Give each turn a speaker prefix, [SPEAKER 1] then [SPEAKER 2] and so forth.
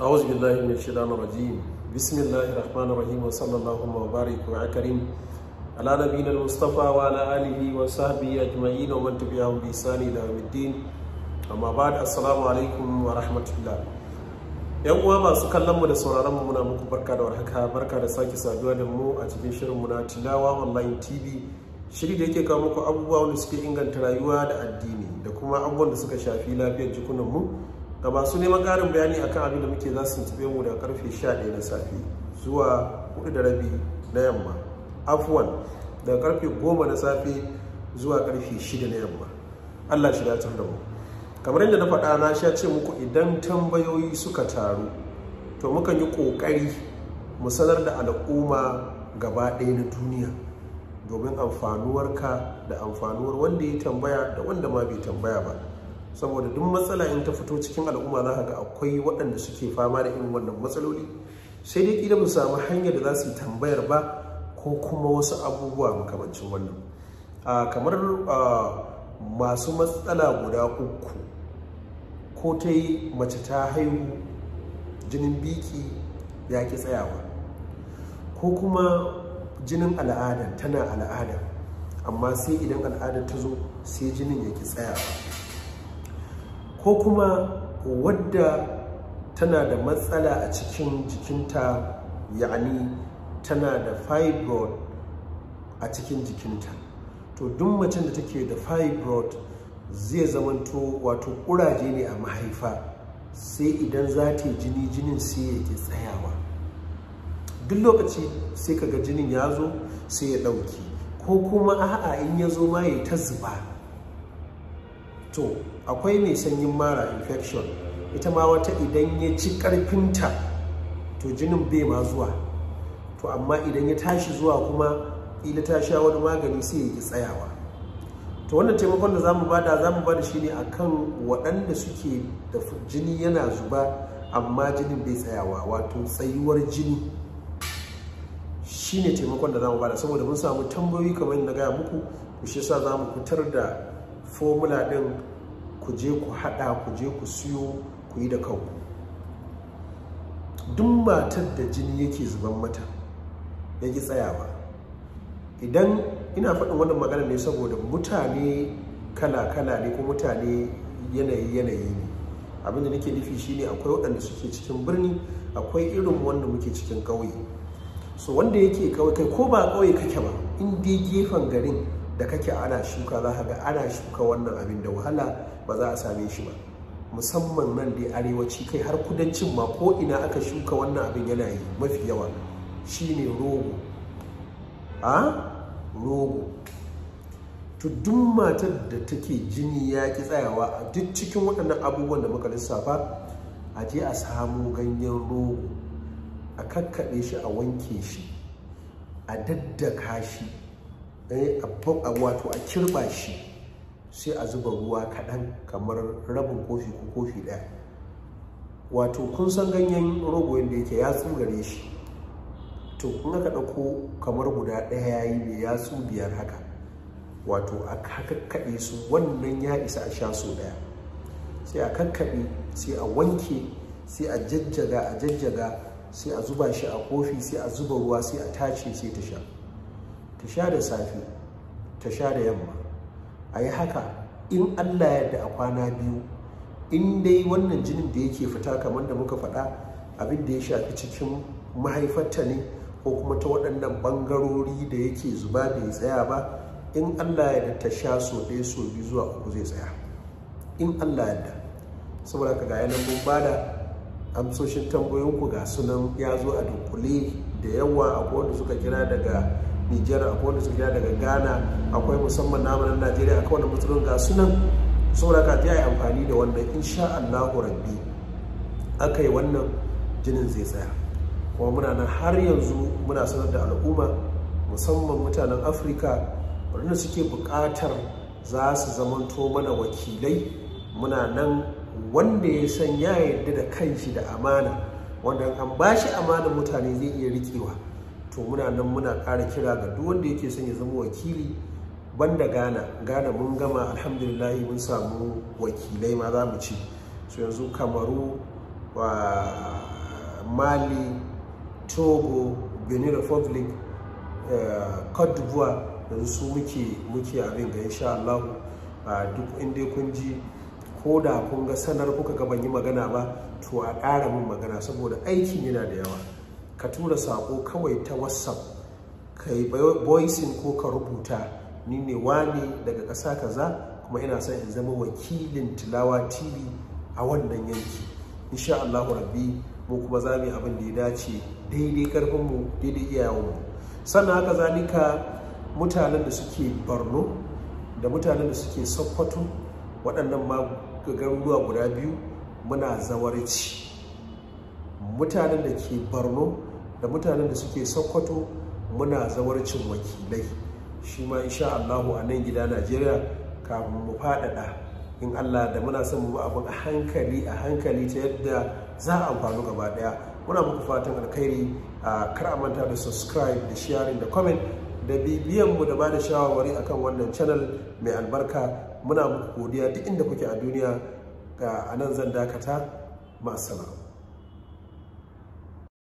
[SPEAKER 1] أعوذ بالله من الشيطان الرجيم بسم الله الرحمن الرحيم وصلى الله وبارك كريم على نبينا المصطفى وعلى آله وصحبه أجمعين ومن تبعهم بإحسان إلى يوم الدين أما بعد السلام عليكم alaikum wa yan uwa masu kallon mu da sauraron mu muna muku barka da warhaka barka da sake saduwa da mu a cikin shirin mu na tilawa online tv shiri da yake kawo muku abubuwa wanda suke inganta rayuwa da addini da kuma abubuwan da suka shafi lafiyar jikunan mu ga masu neman ƙarin bayani akan abin da muke za su tube mu da karfe 11 na safe zuwa 4 da rabi na yamma afwan daga karfe 10 na safe zuwa karfe 6 na yamma Allah shi datar da mu kamar yadda na faɗa na sha ce muku idan tambayoyi suka taru to mukan yi ƙoƙari mu sanar da al'umma gaba ɗaya na duniya domin amfanuwarka da amfanuwar wanda ya tambaya da wanda ma bai tambaya ba saboda duk matsala in ta fito cikin al'umma za ga akwai waɗanda suke fama da irin wannan matsaloli sai dai ƙila mu samu hanyar da za su yi tambayar ba ko kuma wasu abubuwa makamancin wannan a kamar masu matsala guda uku ko ta yi mace ta haihu jinin biki ya ki tsayawa ko kuma jinin al'ada tana al'ada amma sai idan al'ada ta zo sai jinin ya ki tsayawa ko kuma wadda tana da matsala a cikin jikinta yani tana da fibroid a cikin jikinta to duk macen da take da fibroid zai zamanto wato kuraje ne a mahaifa sai idan za ta yi jini jinin sai ya ke tsayawa duk lokaci sai kaga jinin ya zo sai ya ɗauki ko kuma a'a in ya zo ma ya ta zuba to akwai mai sanyin mara infection ita ma wata idan ya ci karfinta to jinin bai ma zuwa to amma idan ya tashi zuwa kuma ila ta sha wani magani sai ya ki tsayawa to wannan taimakon da zamu bada zamu bada shine akan waɗanda suke da jini yana zuba amma jinin bai tsayawa wato tsayuwar jini shine taimakon da zamu bada saboda mun samu tambayoyi kamar na gaya muku ku shi yasa zamu fitar da formula din ku je ku hada ku je ku siyo ku yi da kanku duk matar da jini yake zuban mata ya ki tsayawa idan ina faɗin wannan magana ne saboda mutane kala-kala ne ko mutane yanayi-yanayi ne abinda nake nufi shine akwai waɗanda suke cikin birni akwai irin wanda muke cikin ƙauye so wanda yake kawai kai ko ba ƙauye kake ba in dai gefen garin da kake ana shuka za ka ga ana shuka wannan abin da wahala ba za a same shi ba musamman nan dai arewaci kai har kudancin ma ko ina aka shuka wannan abin yana yi mafi yawa shine rogo a rogo to duk matar da take jini ya ki tsayawa a duk cikin waɗannan abubuwan da muka lissafa a je a samu ganyen rogo a kakkaɓe shi a wanke shi a daddaka shi Eh, wato a kirɓa shi sai a zuba ruwa kaɗan kamar rabin kofi ko kofi ɗaya wato kun san ganyen rogo yadda yake ya gare shi to kun aka ɗauko kamar guda ɗaya yayi mai yatsu biyar haka wato a kakkaɓe su wannan ya isa a sha su ɗaya sai a kakkaɓe sai a wanke sai a jajjaga a jajjaga sai a zuba shi a kofi sai a zuba ruwa sai a tace sai ta sha ta sha da safe ta sha da yamma a yi haka in allah yadda a kwana biyu in dai wannan jinin da yake fita kamar da muka faɗa abin da ya shafi cikin mahaifarta ne ko kuma ta waɗannan bangarori da yake zuba bai tsaya ba in allah yadda ta sha so ɗaya so biyu zuwa uku zai tsaya in allah yadda saboda ka gaya nan mun bada amsoshin tambayoyinku ga sunan ya zo a dunkule da yawa a wanda suka kira daga nijar akwai wanda suke daga ghana akwai musamman namunan najeriya akwai wanda musulun ga sunan ka ta yi amfani da wannan insha allahu rabbi aka yi wannan jinin zai tsaya kuma muna nan har yanzu muna sanar da al'umma musamman mutanen afirka wadanda suke bukatar za su zamanto mana wakilai muna nan wanda ya san ya yarda da kanshi da amana wanda an ba shi amanar mutane zai iya riƙewa to muna nan muna ƙara kira ga duk wanda yake son ya zama wakili banda Ghana gana mun gama alhamdulillah mun samu wakilai ma za mu ci so yanzu Kamaru wa Mali Togo Benin Republic eh, Cote d'Ivoire yanzu su muke muke abin ga insha Allah duk inda kun ji ko da kun ga sanar kuka ga ban yi magana ba to a ƙara min magana saboda aikin yana da yawa ka tura sako kawai ta whatsapp ka yi voicing ko ka rubuta ni ne wane daga ƙasa kaza kuma ina son in zama wakilin tilawa tv a wannan yanki insha Allah rabbi mu kuma za mu yi abin da ya dace daidai karfin mu daidai mu sannan haka zalika mutanen da suke borno da mutanen da suke sokoto waɗannan ma garuruwa guda biyu muna zawarci mutanen da ke borno da mutanen da suke sokoto muna zawarcin wakilai shi ma insha Allahu a nan gida Najeriya kafin mu faɗaɗa in Allah da muna son mu abin a hankali a hankali ta yadda za a amfanu gaba ɗaya muna muku fatan alkhairi a kar a manta da subscribe da sharing da comment da bibiyan mu da bada shawarwari akan wannan channel mai albarka muna muku godiya duk inda kuke a duniya ga anan zan dakata ma'assalam